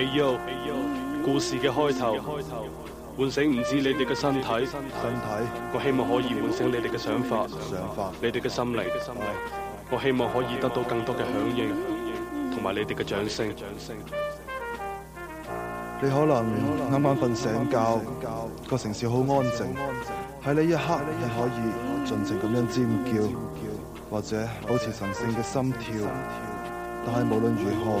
A 故事嘅開頭，喚醒唔止你哋嘅身體，身體我希望可以喚醒你哋嘅想法，想法你哋嘅心靈，啊、我希望可以得到更多嘅響應，同埋你哋嘅掌聲。你可能啱啱瞓醒覺，個、嗯嗯嗯、城市好安靜，喺呢一刻，你可以盡情咁樣尖叫，或者保持神聖嘅心跳，但係無論如何。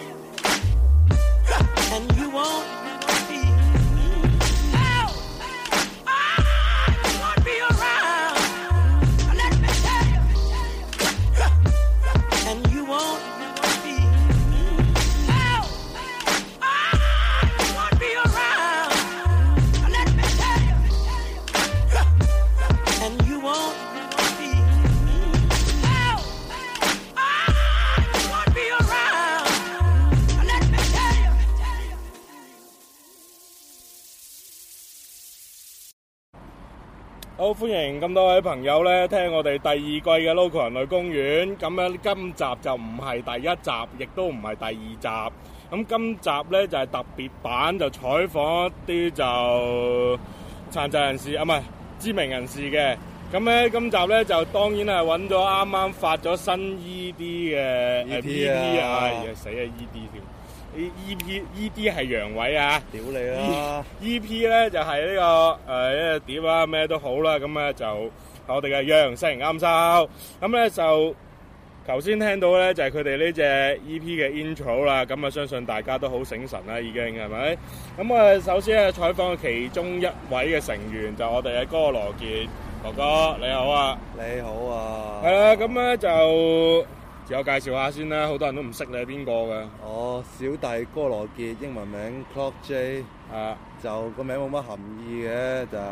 咁多位朋友咧，聽我哋第二季嘅《Local 人類公園》咁樣，今集就唔係第一集，亦都唔係第二集。咁今集咧就係、是、特別版，就採訪一啲就殘疾人士啊，唔係知名人士嘅。咁咧，今集咧就當然係揾咗啱啱發咗新 EP 嘅，EP 啊，死啊 EP 添。E T A. E P E P 係陽痿啊！屌你啦！E P 咧就係、是、呢、這個誒、呃，一個碟啦，咩都好啦，咁啊就我哋嘅羊城暗哨，咁咧就頭先聽到咧就係佢哋呢隻 E P 嘅 intro 啦，咁啊相信大家都好醒神啦，已經係咪？咁啊首先係採訪其中一位嘅成員，就我哋嘅戈羅杰哥哥，你好啊！你好啊！係啦，咁咧就。有介紹下先啦，好多人都唔識你係邊個㗎？哦，小弟哥羅傑，英文名 Clock J，啊，就個名冇乜含義嘅，就係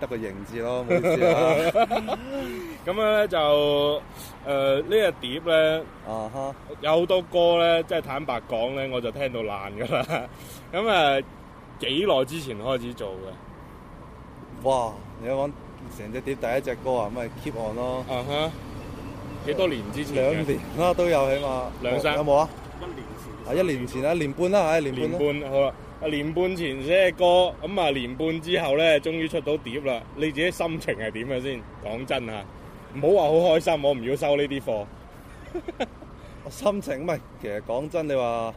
得個型字咯，冇意思啦。咁樣咧就誒呢、呃呢個碟咧，啊哈、uh，huh. 有好多歌咧，即係坦白講咧，我就聽到爛㗎啦。咁誒幾耐之前開始做嘅？哇！你講成隻碟第一隻歌啊，咁咪 Keep On 咯。啊哈、uh。Huh. 幾多年之前？兩年啦，都有起碼兩三，有冇啊？一年前啊，一年前啊，一年半啦，一年，年半，好啦，啊，年半前寫歌，咁啊，年半之後咧，終於出到碟啦。你自己心情係點嘅先？講真嚇，唔好話好開心，我唔要收呢啲貨。 心情唔係，其實講真，你話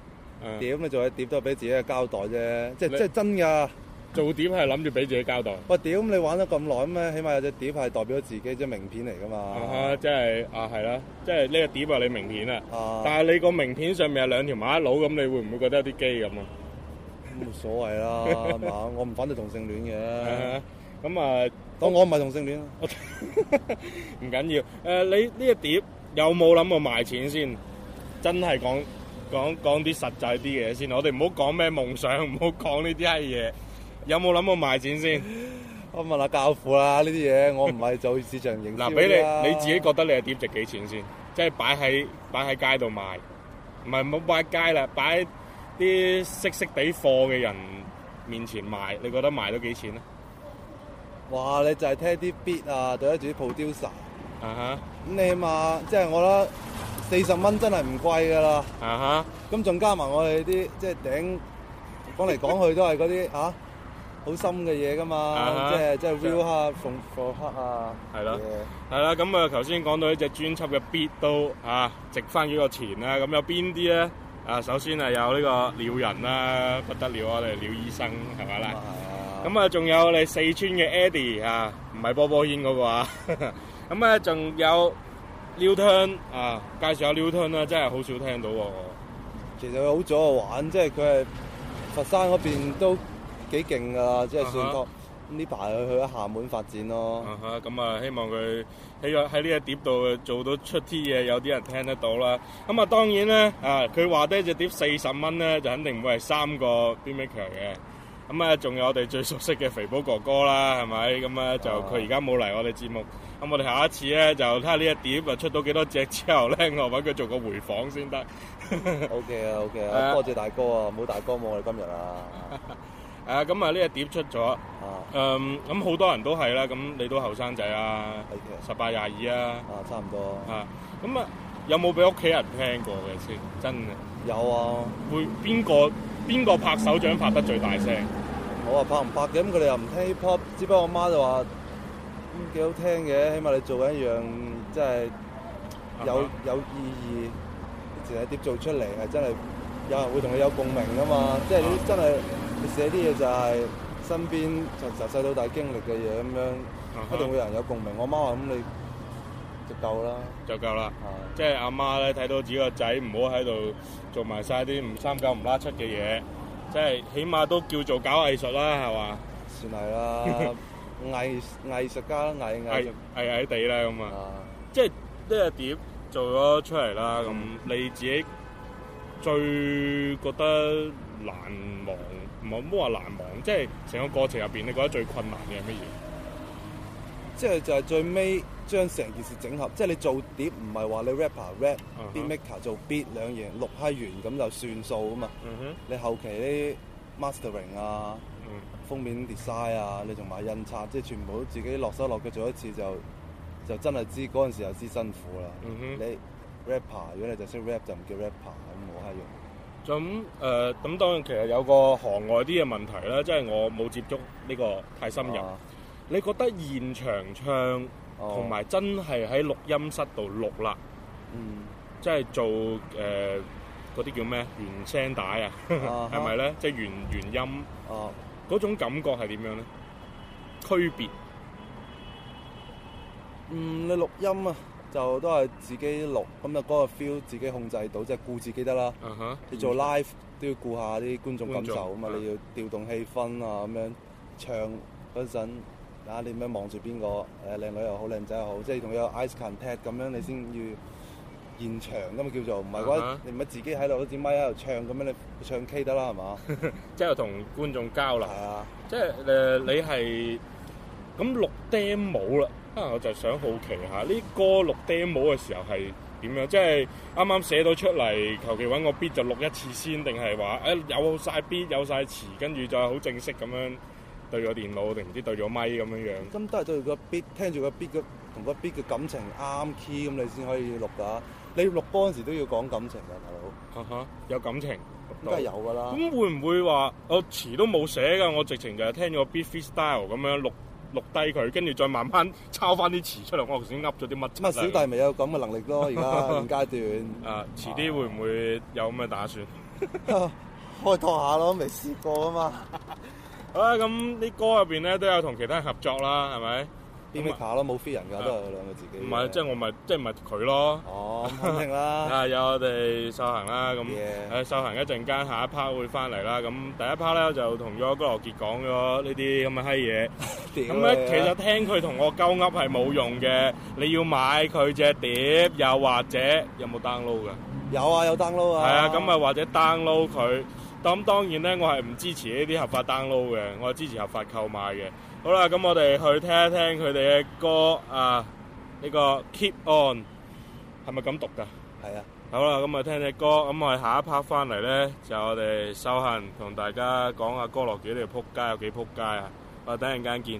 碟咪做咗碟都俾自己嘅交代啫，嗯、即即真㗎。做碟係諗住俾自己交代。喂，碟你玩得咁耐咁咧，起碼有隻碟係代表自己隻名片嚟噶嘛。Uh、huh，即係啊，係啦，即係呢個碟啊你名片啦。啊、uh。Huh。但係你個名片上面有兩條馬騮，咁你會唔會覺得有啲基咁啊？冇所謂啦，係嘛，我唔反對同性戀嘅。咁啊、uh，huh，嗯、當我我唔係同性戀。唔緊要。誒、呃，你呢個碟有冇諗過賣錢先？真係講講講啲實際啲嘢先，我哋唔好講咩夢想，唔好講呢啲閪嘢。有冇諗過賣錢先？我問下教父啦，呢啲嘢我唔係做市場營銷，嗱，俾你你自己覺得你嘅碟值幾錢先？即係擺喺擺喺街度賣，唔係唔好擺街啦，擺喺啲識識地貨嘅人面前賣，你覺得賣到幾錢咧？哇！你就係聽啲 beat 啊，對得住啲 producer 啊？咁你起碼即係我覺得四十蚊真係唔貴噶啦。咁仲加埋我哋啲即係頂講嚟講去都係嗰啲啊！好深嘅嘢噶嘛， 即係即係 view 下馮馮克啊，係咯，係、嗯、啦。咁啊，頭先講到呢隻專輯嘅 bit 都啊值翻幾多錢啦、啊。咁、嗯、有邊啲咧？啊，首先啊有呢個鳥人啦，不得了啊，你鳥醫生係咪啦？咁的啊，仲有你四川嘅 Eddie 啊，唔係波波煙嗰個啊。咁啊，仲有 n e w 鳥吞啊，介紹下 n e w t 鳥 n 啦、啊，真係好少聽到。其實好早玩，即係佢係佛山嗰邊都。幾勁啊，即係算多。呢排佢去咗廈門發展咯。咁啊、uh huh, 嗯，希望佢喺個喺呢一碟度做到出啲嘢，有啲人聽得到啦。咁、嗯、啊，當然咧，啊，佢話低一隻碟四十蚊咧，就肯定唔會係三個邊邊強嘅。咁啊，仲、嗯、有我哋最熟悉嘅肥寶哥哥啦，係咪？咁、嗯、啊，就佢而家冇嚟我哋節目。咁、uh huh. 我哋下一次咧，就睇下呢一碟啊出到幾多隻之後咧，我搵佢做個回訪先得。O K 啊，O K 啊，多謝大哥啊，冇大哥冇我哋今日啊。Huh. Uh huh. 誒咁啊！呢個碟出咗，誒咁、 啊啊、好多人都係啦。咁、啊、你都後生仔啊，十八廿二啊，差唔多。嚇咁啊，啊，有冇俾屋企人聽過嘅先？真嘅有啊。會邊個邊個拍手掌拍得最大聲？我話、啊、拍唔拍嘅，咁佢哋又唔聽啲 pop，只不過我媽就話、嗯、幾好聽嘅，起碼你做一樣即係有、啊、有意義，成個碟做出嚟係真係有人會同你有共鳴㗎嘛！即、就、係、是、你真係。你寫啲嘢就係身邊從細到大經歷嘅嘢咁樣，一定會有人有共鳴。我媽話咁你就夠啦，就夠啦。即係阿媽咧睇到自己個仔唔好喺度做埋曬啲唔三九唔拉七嘅嘢，即係起碼都叫做搞藝術啦，係嘛？算係啦，藝藝術家藝藝藝地啦咁啊。即係呢個碟做咗出嚟啦？咁你自己最覺得難忘。冇冇話難忘，即係成個過程入邊，你覺得最困難嘅係乜嘢？即係就係最尾將成件事整合，即係你做碟唔係話你 rapper rap 啲、uh huh. beat maker 做 beat 兩樣錄嗨完咁就算數啊嘛。Uh huh. 你後期啲 mastering 啊、uh huh. 封面 design 啊，你同埋印刷，即係全部自己落手落腳做一次就就真係知嗰陣時又知辛苦啦。Uh huh. 你 rapper 如果你就識 rap 就唔叫 rapper，咁冇閪用。咁誒，咁當然其實有個行外啲嘅問題啦，即係我冇接觸呢個太深入。啊、你覺得現場唱同埋、啊、真係喺錄音室度錄啦，嗯、即係做誒嗰啲叫咩原聲帶啊，係 咪、啊、哈呢？即係原原音。哦、啊，嗰種感覺係點樣呢？區別？嗯，你錄音啊？就都係自己錄，咁就嗰個 feel 自己控制到，即係顧自己得啦。你做 live 都要顧下啲觀眾感受啊嘛，你要調動氣氛啊咁樣唱嗰陣，啊你唔好望住邊個，誒靚女又好，靚仔又好，即係仲有 ice contact 咁樣，你先要現場噶嘛叫做，唔係話你唔係自己喺度攞支麥喺度唱咁樣，你唱 K 得啦係嘛？即係同觀眾交流，啊，即係誒你係咁錄 damn 冇啦。我就想好奇下，呢歌錄 demo 嘅時候係點樣？即係啱啱寫到出嚟，求其揾個 beat 就錄一次先，定係話誒有晒 beat 有晒詞，跟住就好正式咁樣對咗電腦，定唔知對咗咪咁樣？咁都係對住個 beat，聽住個 beat 嘅同個 beat 嘅感情啱 key，咁、嗯嗯、你先可以錄㗎。你錄歌嗰時都要講感情㗎，大佬。嚇嚇、啊，有感情，咁梗係有㗎啦。咁會唔會話我詞都冇寫㗎？我直情就係聽咗 beat freestyle 咁樣錄，錄低佢，跟住再慢慢抄翻啲詞出嚟。我頭先噏咗啲乜。咁、嗯、小弟咪有咁嘅能力咯。而家呢階段。 啊，遲啲會唔會有咁嘅打算？ 啊、開拓下咯，未試過啊嘛。 好啦，咁啲歌入邊咧都有同其他人合作啦，係咪？邊跑咯？冇飛人㗎，啊、都係我兩個自己。唔係，即、就、係、是、我咪，即係咪佢咯？哦，肯定啦。係 有我哋秀行啦，咁誒 Yeah. 秀行一陣間，下一 part 會翻嚟啦。咁第一 part 咧就同咗戈羅傑講咗呢啲咁嘅閪嘢。咁咧其實聽佢同我鳩噏係冇用嘅。嗯、你要買佢隻碟，又或者有冇 download 㗎？有啊，有 download 啊。係啊，咁咪或者 download 佢。咁、嗯嗯、當然咧，我係唔支持呢啲合法 download 嘅，我係支持合法購買嘅。好啦，咁我哋去聽一聽佢哋嘅歌啊，呢個 Keep On 係咪咁讀噶？係啊，好啦，咁我哋聽隻歌，咁我哋下一 part 翻嚟咧，就我哋瘦恒同大家講下戈羅傑條扑街有幾扑街啊，我哋等陣間見。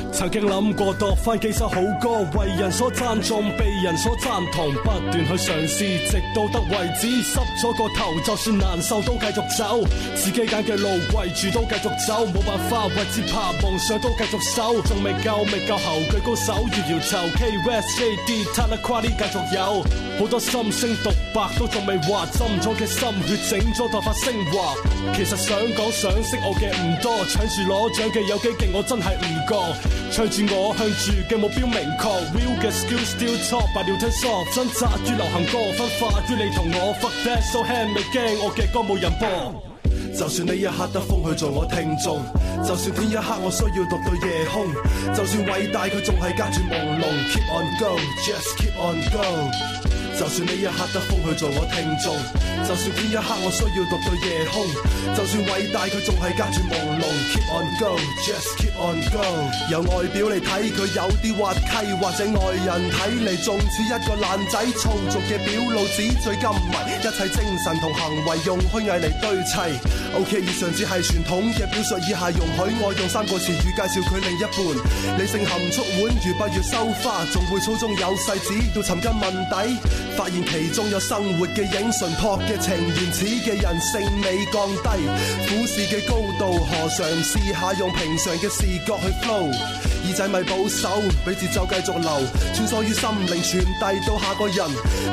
曾經諗過度翻幾首好歌，為人所讚頌，被人所贊同，不斷去嘗試，直到得為止。濕咗個頭，就算難受都繼續走，自己揀嘅路跪住都繼續走，冇辦法為之怕，夢想都繼續守。仲未夠，未夠喉，舉高手搖搖頭。K West J D t a l a Kwa 啲繼續有，好多心聲獨白都仲未話，浸咗嘅心血整咗再發昇華。其實想講想識我嘅唔多，搶住攞獎嘅有幾勁，我真係唔覺。唱住我向住嘅目標明確，Will 嘅 Skills still top，白料 T 恤，掙扎於流行歌，分化於你同我。Fuck that so heavy，驚我嘅歌冇人播。 就算呢一刻得風去做我聽眾，就算天一刻我需要獨到夜空，就算偉大佢仲係隔住朦朧。Keep on go，just keep on go。就算呢一刻得風去做我聽眾，就算邊一刻我需要獨對夜空，就算偉大佢仲係隔住朦朧。Keep on go, just keep on go。由外表嚟睇佢有啲滑稽，或者外人睇嚟仲似一個爛仔粗俗嘅表露，紙醉金迷，一切精神同行為用虛偽嚟堆砌。OK，以上只係傳統嘅表述，以下容許我用三個詞語介紹佢另一半。理性含蓄宛如八月收花，仲會粗中有細子要尋根問底。發現其中有生活嘅影，純樸嘅情，原始嘅人性美，降低俯視嘅高度，何嘗試下用平常嘅視覺去 flow？耳仔咪保守，俾節奏繼續流，穿梭於心靈，傳遞到下個人。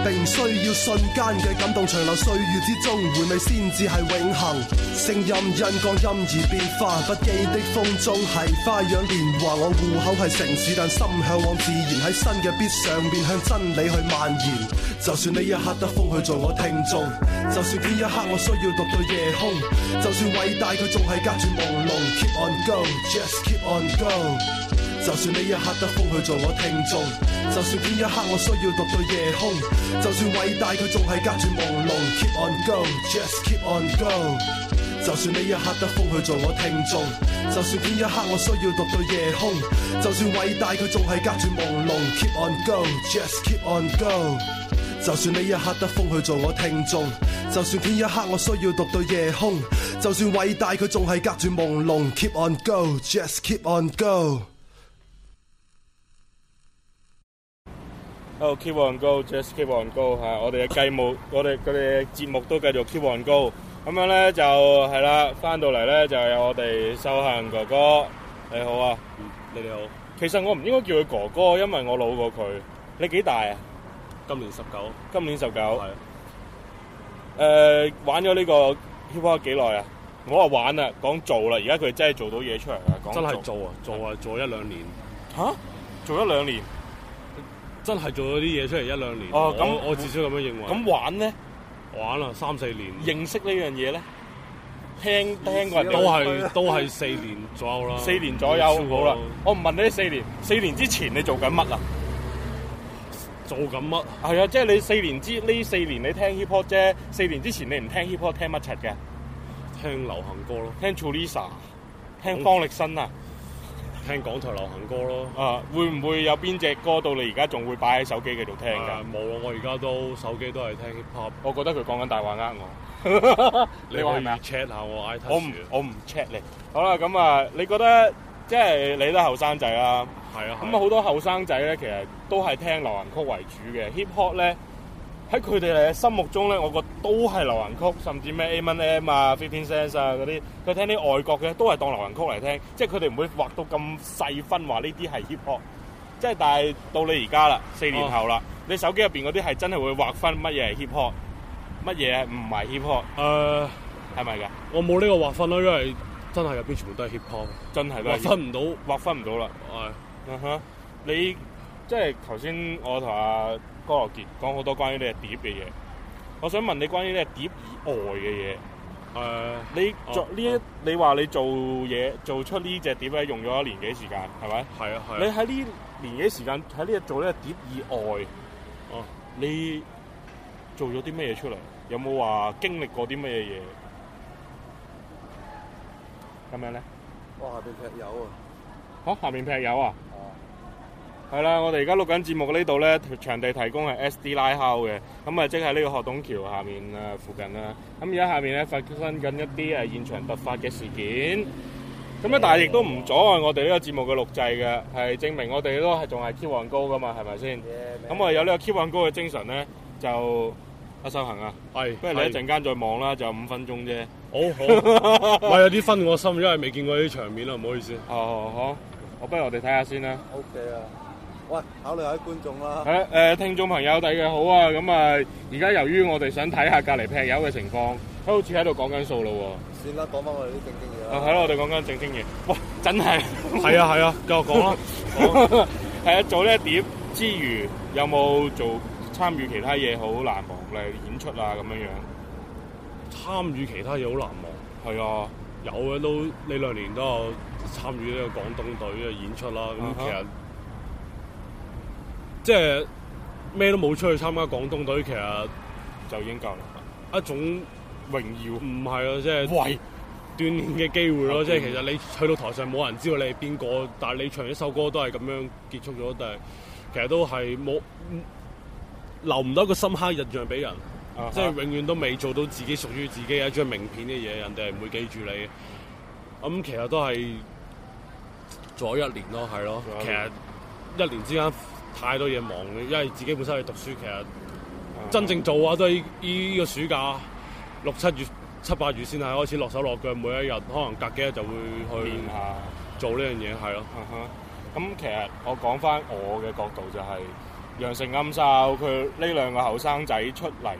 並唔需要瞬間嘅感動，長流歲月之中，回味先至係永恒。聲音因光陰而變化，不羈的風中係花樣年華。我戶口係城市，但心向往自然，喺新嘅 beat 上，面向真理去蔓延。就算呢一刻得風去做我聽眾，就算呢一刻我需要獨對夜空，就算偉大佢仲係隔住朦朧。Keep on go, just keep on go. 就算呢一刻得風去做我聽眾，就算天一刻我需要獨對夜空，就算偉大佢仲係隔住朦朧。Keep on go, just keep on go。就算呢一刻得風去做我聽眾，就算天一刻我需要獨對夜空，就算偉大佢仲係隔住朦朧。Keep on go, just keep on go。就算呢一刻得風去做我聽眾，就算天一刻我需要獨對夜空，就算偉大佢仲係隔住朦朧。Keep on go, just keep on go。哦，keep on go，just keep on go 吓，我哋嘅計目，我哋嗰啲節目都繼續 keep on go。咁樣咧就係啦，翻到嚟咧就有我哋瘦恒哥哥，你好啊，嗯，你好。其實我唔應該叫佢哥哥，因為我老過佢。你幾大啊？今年十九。今年十九。係。誒，玩咗呢個 hip hop 幾耐啊？我話玩啦，講做啦，而家佢真係做到嘢出嚟啦，講真係做啊，做啊，做一兩年。吓？做一兩年？真係做咗啲嘢出嚟一兩年，咁我至少咁樣認為。咁玩咧？玩啦，三四年。認識呢樣嘢咧？聽聽過人？都係是 都係四年左右啦。四年左右。好啦，我唔問你四年。四年之前你做緊乜啊？做緊乜？係啊，即係你四年之呢四年你聽 hip hop 啫。四年之前你唔聽 hip hop，聽乜柒嘅？聽流行歌咯，聽 Cherissa，聽方力申啊。聽港台流行歌咯，啊，會唔會有邊隻歌到你而家仲會擺喺手機繼續聽㗎？冇啊，我而家都手機都係聽 hip hop，我覺得佢講緊大話呃我。 你話係咪 check 下我？我唔我唔 check 你。 好啦，咁、嗯、啊，你覺得即係、就是、你都後生仔啦，係啊，咁啊好、啊嗯、多後生仔咧，其實都係聽流行曲為主嘅、嗯、hip hop 咧。喺佢哋嚟嘅心目中咧，我覺都係流行曲，甚至咩 A M N 啊、Fifteen Cents 啊嗰啲，佢聽啲外國嘅都係當流行曲嚟聽，即係佢哋唔會劃到咁細分，話呢啲係 hip hop。即係，但係到你而家啦，四年後啦，你手機入邊嗰啲係真係會劃分乜嘢係 hip hop，乜嘢唔係 hip hop？誒係咪㗎？我冇呢個劃分咯，因為真係入邊全部都係 hip hop，真係都係。劃分唔到，劃分唔到啦。嗯哼，你即係頭先我同阿戈羅杰講好多關於呢隻碟嘅嘢，我想問你關於呢隻碟以外嘅嘢。誒，uh, 你做呢一 uh, uh, 你話你做嘢做出呢隻碟咧，用咗一年幾時間，係咪？係啊，係。你喺呢年幾時間喺呢只做呢隻碟以外，哦，uh, 你做咗啲乜嘢出嚟？有冇話經歷過啲乜嘢嘢？咁樣咧？哇！下邊劈友啊！嚇！下面劈友啊！啊下面劈係啦，我哋而家錄緊節目喺呢度咧，場地提供係 SD Livehouse 嘅，咁啊即係呢個鶴洞橋下面啊附近啦。咁而家下面咧發生緊一啲誒現場突發嘅事件，咁咧但係亦都唔阻礙我哋呢個節目嘅錄製嘅，係證明我哋都係仲係 keep on go 噶嘛，係咪先？咁啊 Yeah, man. 有呢個 keep on go 嘅精神咧，就阿瘦恒啊，係、啊，是不如你一陣間再望啦，就五分鐘啫。好好，我有啲分我心，因為未見過啲場面啊，唔好意思。哦，好，我不如我哋睇下先啦。O K 啊。喂，考慮下啲觀眾啦。誒、哎、誒，聽眾朋友睇嘅好啊！咁啊，而家由於我哋想睇下隔離劈友嘅情況，佢好似喺度講緊數咯喎。算啦，講翻我哋啲正經嘢啊，係啦，我哋講緊正經嘢。哇，真係。係 啊，係啊。繼續講啦。係啊，做呢一碟之餘，有冇做參與其他嘢好難忘，例、嗯、演出啊咁樣樣？參與其他嘢好難忘。係啊，有嘅都呢兩年都有參與呢個廣東隊嘅演出啦。咁其實。即係咩都冇出去參加廣東隊，其實就已經夠啦。一種榮耀，唔係咯，即係為鍛煉嘅機會咯。即係其實你去到台上冇人知道你係邊個，但係你唱一首歌都係咁樣結束咗，但係其實都係冇留唔到一個深刻印象俾人，即係永遠都未做到自己屬於自己一張名片嘅嘢，人哋係唔會記住你。咁其實都係咗一年咯，係咯，其實一年之間。太多嘢忙，因為自己本身去讀書，其實真正做啊都係依、這個暑假六七月七八月先係開始落手落腳，每一日可能隔幾日就會去練下做呢樣嘢，係咯、嗯。咁、嗯嗯嗯嗯嗯嗯、其實我講翻我嘅角度就係、是《羊城暗哨》，佢呢兩個後生仔出嚟，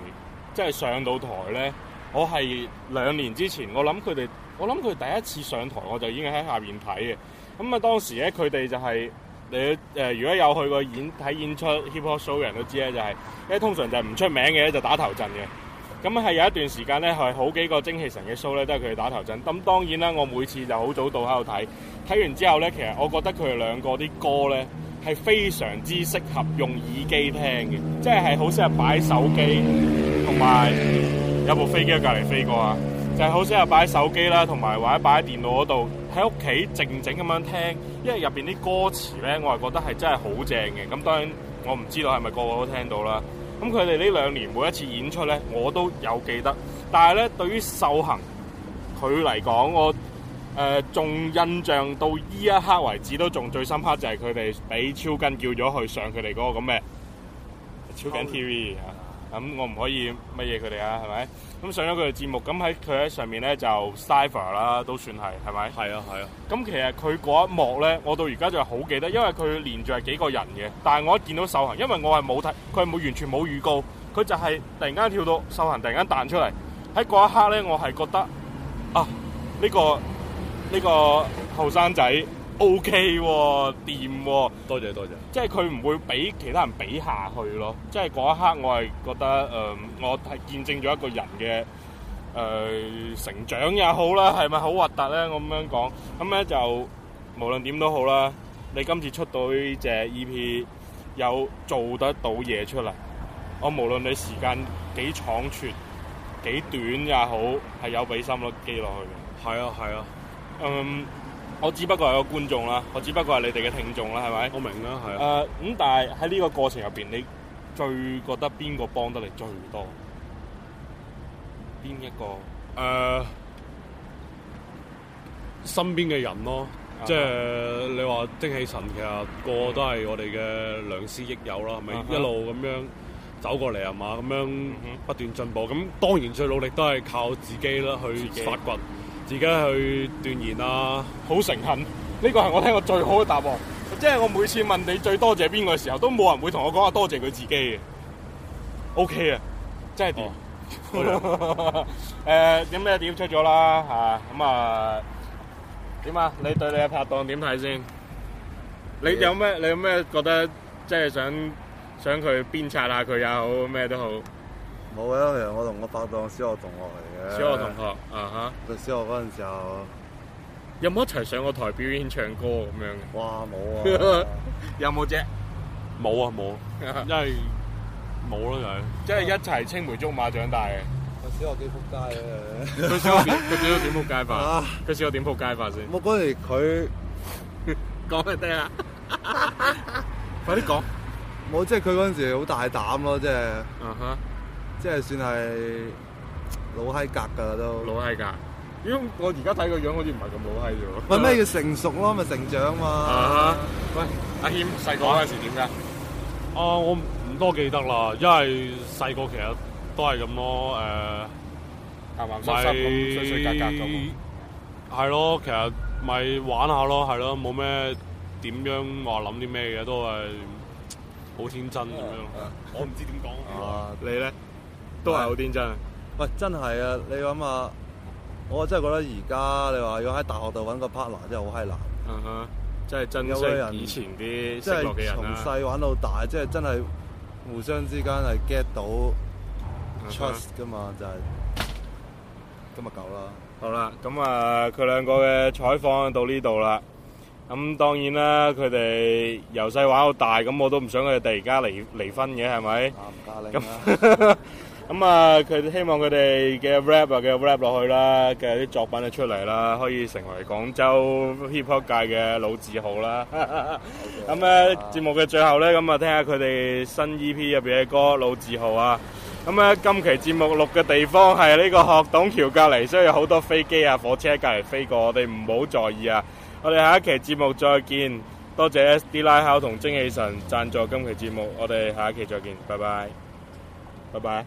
即、就、係、是、上到台咧，我係兩年之前，我諗佢哋，我諗佢第一次上台，我就已經喺下面睇嘅。咁、嗯、啊，當時咧佢哋就係、是。你誒、呃，如果有去過演睇演出 hip hop show 嘅人都知咧，就係、是，因為通常就係唔出名嘅就打頭陣嘅。咁係有一段時間咧，係好幾個精氣神嘅 show 咧，都係佢哋打頭陣。咁當然啦，我每次就好早到喺度睇，睇完之後咧，其實我覺得佢哋兩個啲歌咧係非常之適合用耳機聽嘅，即係係好適合擺手機，同埋有，有部飛機喺隔離飛過啊，就係、是、好適合擺手機啦，同埋或者擺喺電腦嗰度。喺屋企靜靜咁樣聽，因為入邊啲歌詞咧，我係覺得係真係好正嘅。咁當然我唔知道係咪個個都聽到啦。咁佢哋呢兩年每一次演出咧，我都有記得。但係咧，對於瘦恒佢嚟講，我誒仲、呃、印象到依一刻為止，都仲最深刻就係佢哋俾超根叫咗去上佢哋嗰個咁嘅超緊 TV 啊！咁我唔可以乜嘢佢哋啊，係咪？咁上咗佢嘅節目，咁喺佢喺上面咧就 Cypher 啦，都算係，係咪？係啊，係啊。咁其實佢嗰一幕咧，我到而家就係好記得，因為佢連續係幾個人嘅。但係我一見到瘦恒，因為我係冇睇，佢係冇完全冇預告，佢就係突然間跳到瘦恒，突然間彈出嚟。喺嗰一刻咧，我係覺得啊，呢個呢個後生仔。O K 掂喎，多謝多謝，即係佢唔會俾其他人比下去咯。即係嗰一刻我、呃，我係覺得誒，我係見證咗一個人嘅誒、呃、成長也好啦、啊，係咪好核突咧？我咁樣講，咁、嗯、咧就無論點都好啦。你今次出到呢隻 E P，有做得到嘢出嚟，我無論你時間幾倉促，幾短也好，係有俾心機落去嘅。係啊，係啊，嗯。我只不過係個觀眾啦，我只不過係你哋嘅聽眾啦，係咪？我明啦，係。誒、呃，咁但係喺呢個過程入邊，你最覺得邊個幫得你最多？邊一個？誒、呃，身邊嘅人咯，uh huh. 即係你話精氣神，其實個個都係我哋嘅良師益友啦，係咪？Uh huh. 一路咁樣走過嚟啊嘛，咁樣不斷進步，咁、uh huh. 當然最努力都係靠自己啦，去發掘。Uh huh. 自己去斷言啦、啊，好誠懇，呢、這個係我聽過最好嘅答案。即係我每次問你最多謝邊個嘅時候，都冇人會同我講啊，多謝佢自己嘅。OK 啊，真係點？誒，點咩點出咗啦？嚇，咁啊，點、嗯、啊，啊？你對你嘅拍檔點睇先？你有咩？你有咩覺得？即係想想佢鞭策下佢又好，咩都好。好啊，其實我同我拍檔，小學同學嚟嘅。小學同學，啊哈！喺小學嗰陣時候，有冇一齊上個台表演唱歌咁樣嘅？哇，冇啊！有冇啫？冇啊，冇，因為冇咯，就即係一齊青梅竹馬長大嘅。喺小學幾撲街啊？佢小學佢小學點撲街法？佢小學點撲街法先？我嗰時佢講咪得啦，快啲講！冇，即係佢嗰陣時好大膽咯，即係，啊哈。即係算係老閪格噶啦都，老閪格。如果我而家睇個樣好似唔係咁老閪咗。咪咩叫成熟咯？咪成長嘛。喂，阿軒，細個嗰陣時點噶？啊，我唔多記得啦，因為細個其實都係咁咯，誒，夾埋細粒咁，細細格格咁。係咯，其實咪玩下咯。都係好天真。喂，真係啊！你諗下，我真係覺得而家你話要喺大學度揾個 partner 真係好閪難。嗯哼、uh。Huh, 真係珍惜人以前啲識落嘅人即係從細玩到大，即係真係互相之間係 get 到 trust 噶嘛，uh huh、就今、是、日夠啦。好啦，咁啊，佢、uh, 兩個嘅採訪到呢度啦。咁當然啦，佢哋由細玩到大，咁我都唔想佢哋第而家離離婚嘅，係咪？唔嫁你。 咁啊，佢哋希望佢哋嘅 rap 啊，嘅 rap 落去啦，嘅啲作品就出嚟啦，可以成為廣州 hip-hop 界嘅老字號啦。咁咧 Okay.，節目嘅最後咧，咁啊，聽下佢哋新 EP 入邊嘅歌《老字號》啊。咁咧，今期節目錄嘅地方係呢個鶴洞橋隔籬，所以有好多飛機啊、火車隔籬飛過，我哋唔好在意啊。我哋下一期節目再見，多謝 D 拉烤同精氣神贊助今期節目，我哋下一期再見，拜拜，拜拜。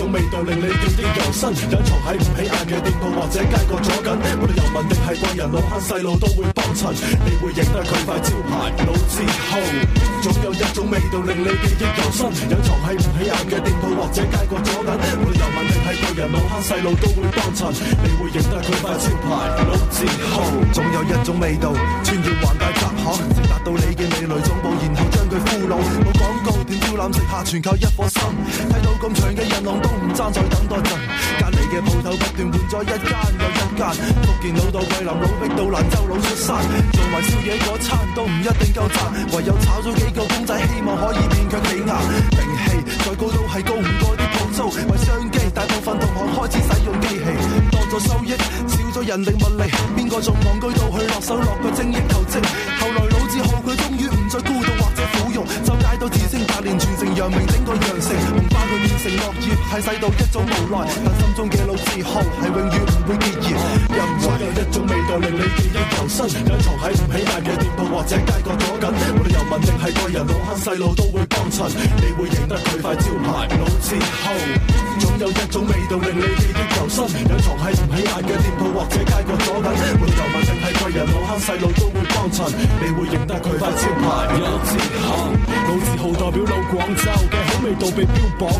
一種味道令你記憶猶新，隱藏喺唔起眼嘅店鋪或者街角阻緊。我哋遊民定係貴人老坑細路都會幫襯，你會認得佢塊招牌老字號。總有一種味道令你記憶猶新，隱藏喺唔起眼嘅店鋪或者街角阻緊。我哋遊民定係貴人老坑細路都會幫襯，你會認得佢塊招牌老字號。總有一種味道穿越環帶窄巷，先達到你嘅味蕾總部，然後將佢俘虜。攬食下，全靠一顆心，睇到咁長嘅人龍都唔爭，再等待陣，隔離嘅鋪頭不斷換咗一間又一間，福建佬到桂林佬逼到蘭州佬出山，做埋宵夜餐都唔一定夠賺，唯有炒咗幾個公仔，希望可以勉強起牙。名氣再高都係高唔過啲鋪租，為商機大部分同行開始使用機器，多咗收益，少咗人力物力，邊個仲戇居到去落手落腳精益求精？後來老子。都自稱百年全城揚名，整個羊城。會變成結業係世道一種無奈，但心中嘅老字號係永遠唔會結業。人總有一種味道令你記憶猶新，隱藏喺唔起眼嘅店鋪或者街角左近。每頭髮定係貴人老坑細路都會幫襯，你會認得佢塊招牌。老字號，總有一種味道令你記憶猶新，隱藏喺唔起眼嘅店鋪或者街角左近。每頭髮定係貴人老坑細路都會幫襯，你會認得佢塊招牌。老字號，老字號代表老廣州嘅好味道被標榜。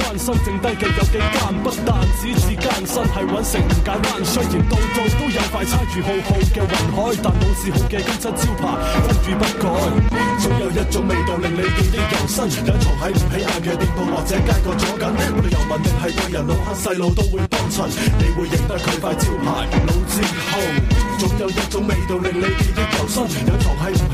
關心剩低嘅有幾間，不但只是艱身係揾食唔簡單。雖然度度都有快餐如浩浩嘅雲海，但老字號嘅金七招牌風雨不改。總有一種味道令你記憶猶新，隱藏喺唔起眼嘅店鋪，或者街角左緊。旅遊文定係大人老黑細路都會幫襯，你會認得佢塊招牌老字號。總有一種味道令你記憶猶新，隱藏喺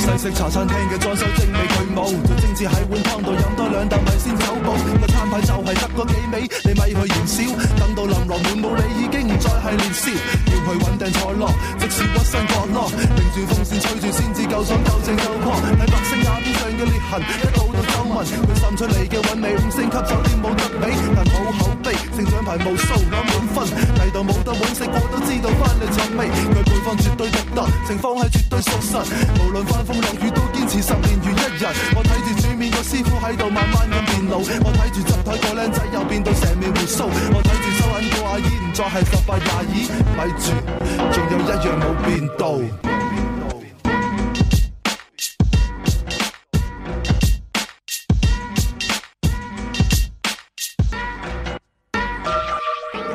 西式茶餐廳嘅裝修精美佢冇，最精緻喺碗湯度飲多兩啖米先走步。個餐牌就係得個幾味，你咪去嫌少。等到琳琅滿目，你已經唔再係年少。要去揾定坐落，即使屈身角落，停住風扇吹住先至夠爽夠正夠狂。喺白色瓦片上嘅裂痕，一路都皺紋。佢滲出嚟嘅韻味，五星級酒店冇得比。但好口碑，正獎牌無數攞滿分，睇到冇得揾食，我都知道翻嚟尋味。佢配方絕對獨特，情況係絕對屬實。無論翻風浪雨都堅持十年如一日。我睇住煮麵個師傅喺度慢慢咁變老。我睇住執台個靚仔又變到成面鬍鬚。我睇住收銀個阿姨唔再係十八廿二，咪住，仲有一樣冇變到。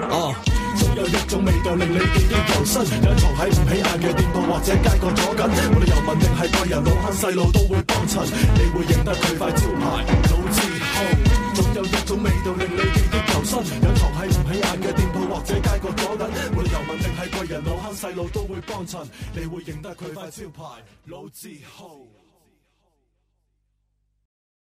啊，總有一種味道令你記憶猶新，隱藏喺唔起眼嘅。或者街角左近，無論遊民定係貴人，老坑細路都會幫襯，你會認得佢塊招牌老字號。總有一種味道令你記憶猶新，隱藏喺唔起眼嘅店鋪，或者街角左近，無論遊民定係貴人，老坑細路都會幫襯，你會認得佢塊招牌老字號。